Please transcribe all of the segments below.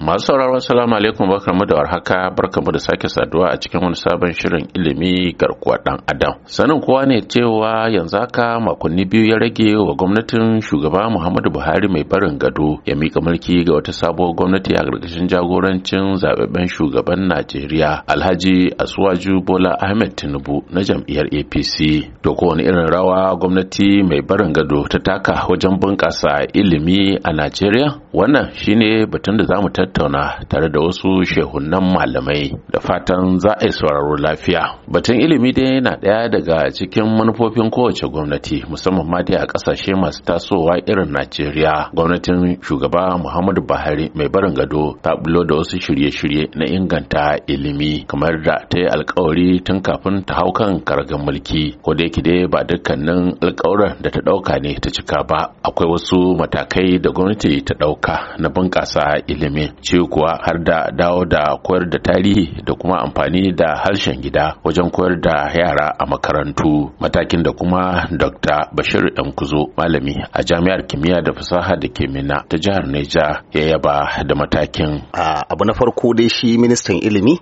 Masu sauraron salamu alaikum barkamu da warhaka barkamu da sake saduwa a cikin wani sabon shirin ilimi garkuwa ɗan adam. Sanin kowa ne cewa yanzu haka makonni biyu ya rage wa gwamnatin shugaba Muhammadu Buhari mai barin gado ya mika mulki ga wata sabuwar gwamnati a gargashin jagorancin zababben shugaban Najeriya Alhaji Asuwaju Bola Ahmed Tinubu na jam'iyyar APC. To kowane irin rawa gwamnati mai barin gado ta taka wajen bunƙasa ilimi a Najeriya? Wannan shine batun da za mu tattauna tare da wasu shehunan malamai da fatan za a yi sauraro lafiya. Batun ilimi dai yana ɗaya daga cikin manufofin kowace gwamnati musamman ma dai a ƙasashe masu tasowa irin Najeriya. Gwamnatin shugaba Muhammadu Buhari mai barin gado ta bulo da wasu shirye-shirye na inganta ilimi kamar da ta yi alkawari tun kafin ta hau kan karagan mulki. Ko da yake dai ba dukkanin alkawuran da ta ɗauka ne ta cika ba. Akwai wasu matakai da gwamnati gwamnati ta ɗauka na bunƙasa ilimi ce kuwa har da dawo da koyar da tarihi da kuma amfani da harshen gida wajen koyar da yara a makarantu matakin da kuma dr bashir kuzo malami a jami'ar kimiyya da fasaha da ke mina ta jihar neja ya yaba da matakin abu na farko dai shi ministan ilimi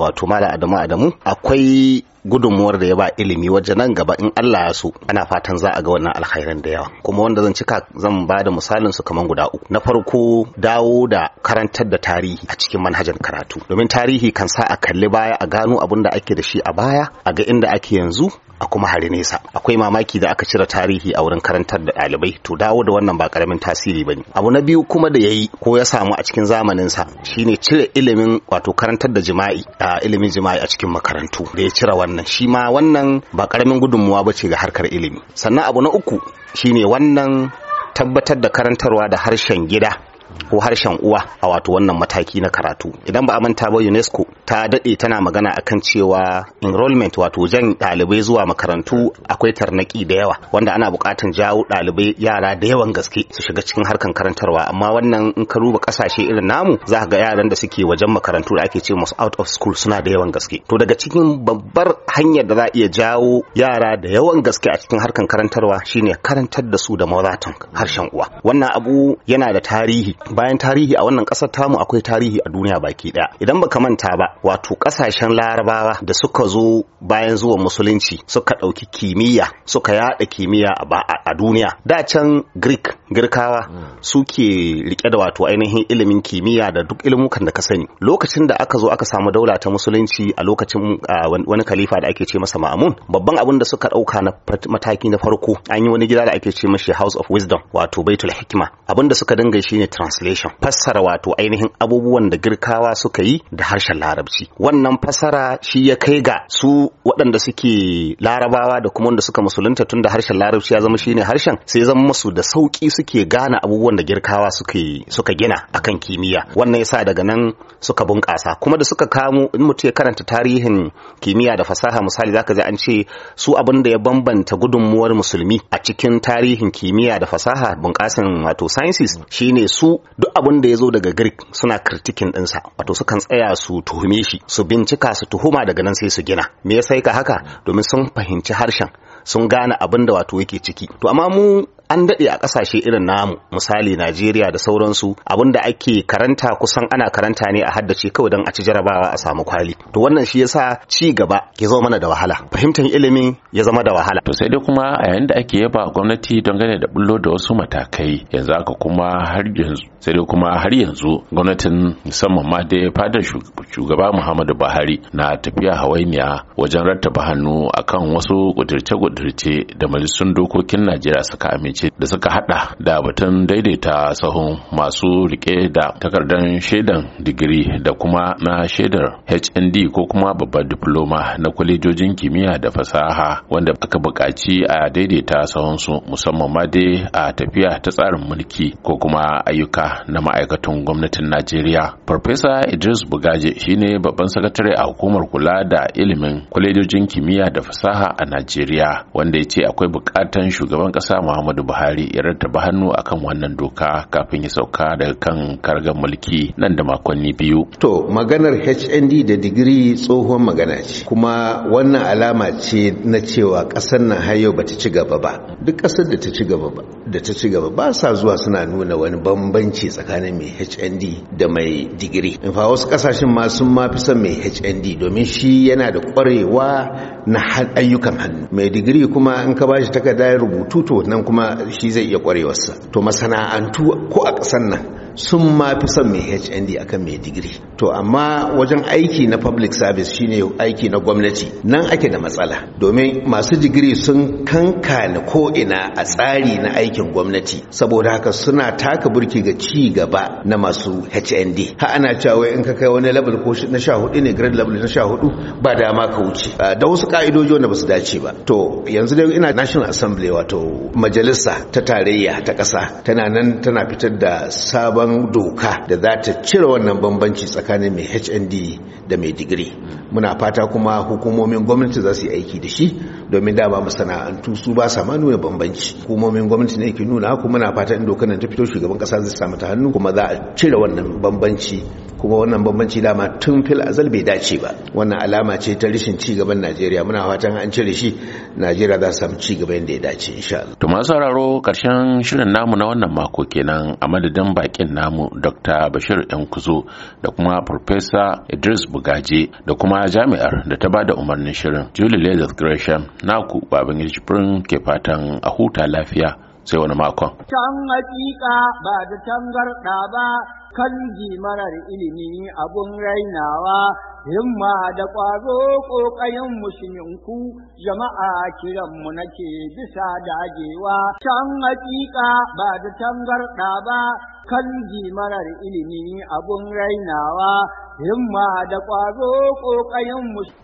wato malam adamu adamu akwai gudunmuwar da ya ba ilimi wajen nan gaba in Allah ya so ana fatan za a ga wannan alkhairan da yawa kuma wanda zan cika zan ba da misalin su kaman guda uku na farko dawo da karantar da tarihi a cikin manhajar karatu domin tarihi kan sa a kalli baya a gano abin da ake da shi a baya a ga inda ake yanzu a kuma hari nesa akwai mamaki da aka cire tarihi a wurin karantar da ɗalibai to dawo da wannan ba karamin tasiri bane abu na biyu kuma da yayi ko ya samu a cikin zamanin sa shine cire ilimin wato karantar da jima'i a ilimin jima'i a cikin makarantu da ya cire wannan shi ma wannan ba karamin gudunmuwa bace ga harkar ilimi sannan abu na uku shine wannan tabbatar da karantarwa da harshen gida ko harshen uwa a wato wannan mataki na karatu idan ba a manta ba UNESCO ta dade tana magana akan cewa enrollment wato jan ɗalibai zuwa makarantu akwai tarnaki da yawa wanda ana buƙatan jawo ɗalibai yara da yawan gaske su shiga cikin harkan karantarwa amma wannan in ka ruba ƙasashe irin namu za ga yaran da suke wajen makarantu da ake ce musu out of school suna da yawan gaske to daga cikin babbar hanyar da za a iya jawo yara da yawan gaske a cikin harkan karantarwa shine karantar da su da mazaton harshen uwa wannan abu yana da tarihi bayan tarihi a wannan kasar tamu akwai tarihi a duniya baki ɗaya idan baka manta ba wato kasashen larabawa da suka zo bayan zuwan musulunci suka ɗauki kimiyya suka yaɗa kimiyya a duniya da can greek girkawa hmm. suke rike da wato ainihin ilimin kimiyya da duk ilimukan da ka sani lokacin da aka zo aka samu daula ta musulunci a lokacin wani kalifa da ake ce masa ma'amun babban abin da suka ɗauka na mataki na farko an yi wani gida da ake ce mashi house of wisdom wato baitul hikima abin da suka dinga shine trans translation fassara wato ainihin abubuwan da girkawa suka yi da harshen larabci wannan fassara shi ya kai ga su waɗanda suke larabawa da kuma wanda suka musulunta tun da harshen larabci ya zama shine harshen sai zama musu da sauki suke gane abubuwan da girkawa suka gina akan kimiyya wannan yasa daga nan suka bunƙasa kuma da suka kamo in mutum ya karanta tarihin kimiyya da fasaha misali zaka ji an ce su abin da ya bambanta gudunmuwar musulmi a cikin tarihin kimiyya da fasaha bunƙasan wato sciences shine su duk abin da ya zo daga Greek suna kritikin ɗinsa wato sukan tsaya su tuhume shi su bincika su tuhuma daga nan sai su gina me ya sai ka haka domin sun fahimci harshen sun gane abin da wato yake ciki to amma mu an daɗe a ƙasashe irin namu misali Najeriya da sauransu abinda ake karanta kusan ana karanta ne a haddace kawai don a ci jarabawa a samu kwali to wannan shi yasa ci gaba ke zama mana da wahala fahimtar ilimi ya zama da wahala to sai dai kuma a yayin da ake yaba gwamnati gane da bullo da wasu matakai yanzu haka kuma har yanzu sai dai kuma har yanzu gwamnatin musamman ma dai fadar shugaba Muhammadu Buhari na tafiya hawainiya wajen rattaba hannu akan wasu kudirce-kudirce da majalisun dokokin Najeriya suka amince ce da suka hada da batun daidaita sahun masu rike da takardar shaidan digiri da kuma na shaidar hnd ko kuma babbar diploma na kwalejojin kimiyya da fasaha wanda aka buƙaci a daidaita sahunsu musamman ma dai a tafiya ta tsarin mulki ko kuma ayyuka na ma'aikatan gwamnatin najeriya farfesa idris bugaje shine babban sakatare a hukumar kula da ilimin kwalejojin kimiyya da fasaha a najeriya wanda ya ce akwai buƙatan shugaban ƙasa muhammadu buhari ya rattaba hannu akan wannan doka kafin ya sauka daga kan kargar mulki nan da makonni biyu to maganar hnd da digiri tsohon magana ce kuma wannan alama ce na cewa ƙasar nan har yau bata ci gaba ba duk ƙasar da ta ci gaba ba sa zuwa suna nuna wani bambanci tsakanin mai hnd da mai digiri in fa wasu ƙasashen ma sun ma son mai hnd domin shi yana da ƙwarewa na ayyukan hannu mai digiri kuma in ka bashi takarda rubutu to nan kuma shi zai iya kwarewarsa to masana'antu ko a ƙasar nan sun ma fi son mai hnd akan mai digiri to amma wajen aiki na public service shine aiki na gwamnati nan ake da matsala domin masu digiri sun kankana ko'ina a tsari na aikin gwamnati saboda haka suna taka burki ga ci gaba na masu hnd ha ana cewa in ka kai wani level ko na sha hudu ne grade level na sha hudu ba dama ka wuce ah, da wasu ka'idoji wanda ba su dace ba to yanzu dai ina national assembly wato majalisa ta tarayya ta ƙasa tana nan tana fitar da sabon zaben doka da za ta cire wannan bambanci tsakanin mai hnd da mai digiri muna fata kuma hukumomin gwamnati za su yi aiki da shi domin dama masana'antu su ba sa ma ya bambanci hukumomin gwamnati ne ke nuna kuma muna fatan dokar nan ta fito shugaban kasa zai samu ta hannu kuma za a cire wannan bambanci kuma wannan bambanci dama tun fil azal bai dace ba wannan alama ce ta rishin ci gaban Najeriya muna fatan an cire shi Najeriya za samu ci gaba yadda ya dace insha Allah to masu sauraro karshen shirin namu na wannan mako kenan a madadin bakin namu Dr. Bashir Yankuzo da kuma Professor Idris Bugaje da kuma jami'ar da ta bada umarnin shirin Julie Leather Gresham naku baban furin ke fatan a huta lafiya sai wani makon. Can hakika ba da tangarɗa ba kan marar ilimi abun rainawa himma da ƙwazo ƙoƙarin mushininku jama'a kiranmu nake bisa dagewa can hakika ba da tangarɗa ba kan marar ilimi abun rainawa himma da ƙwazo ƙoƙarin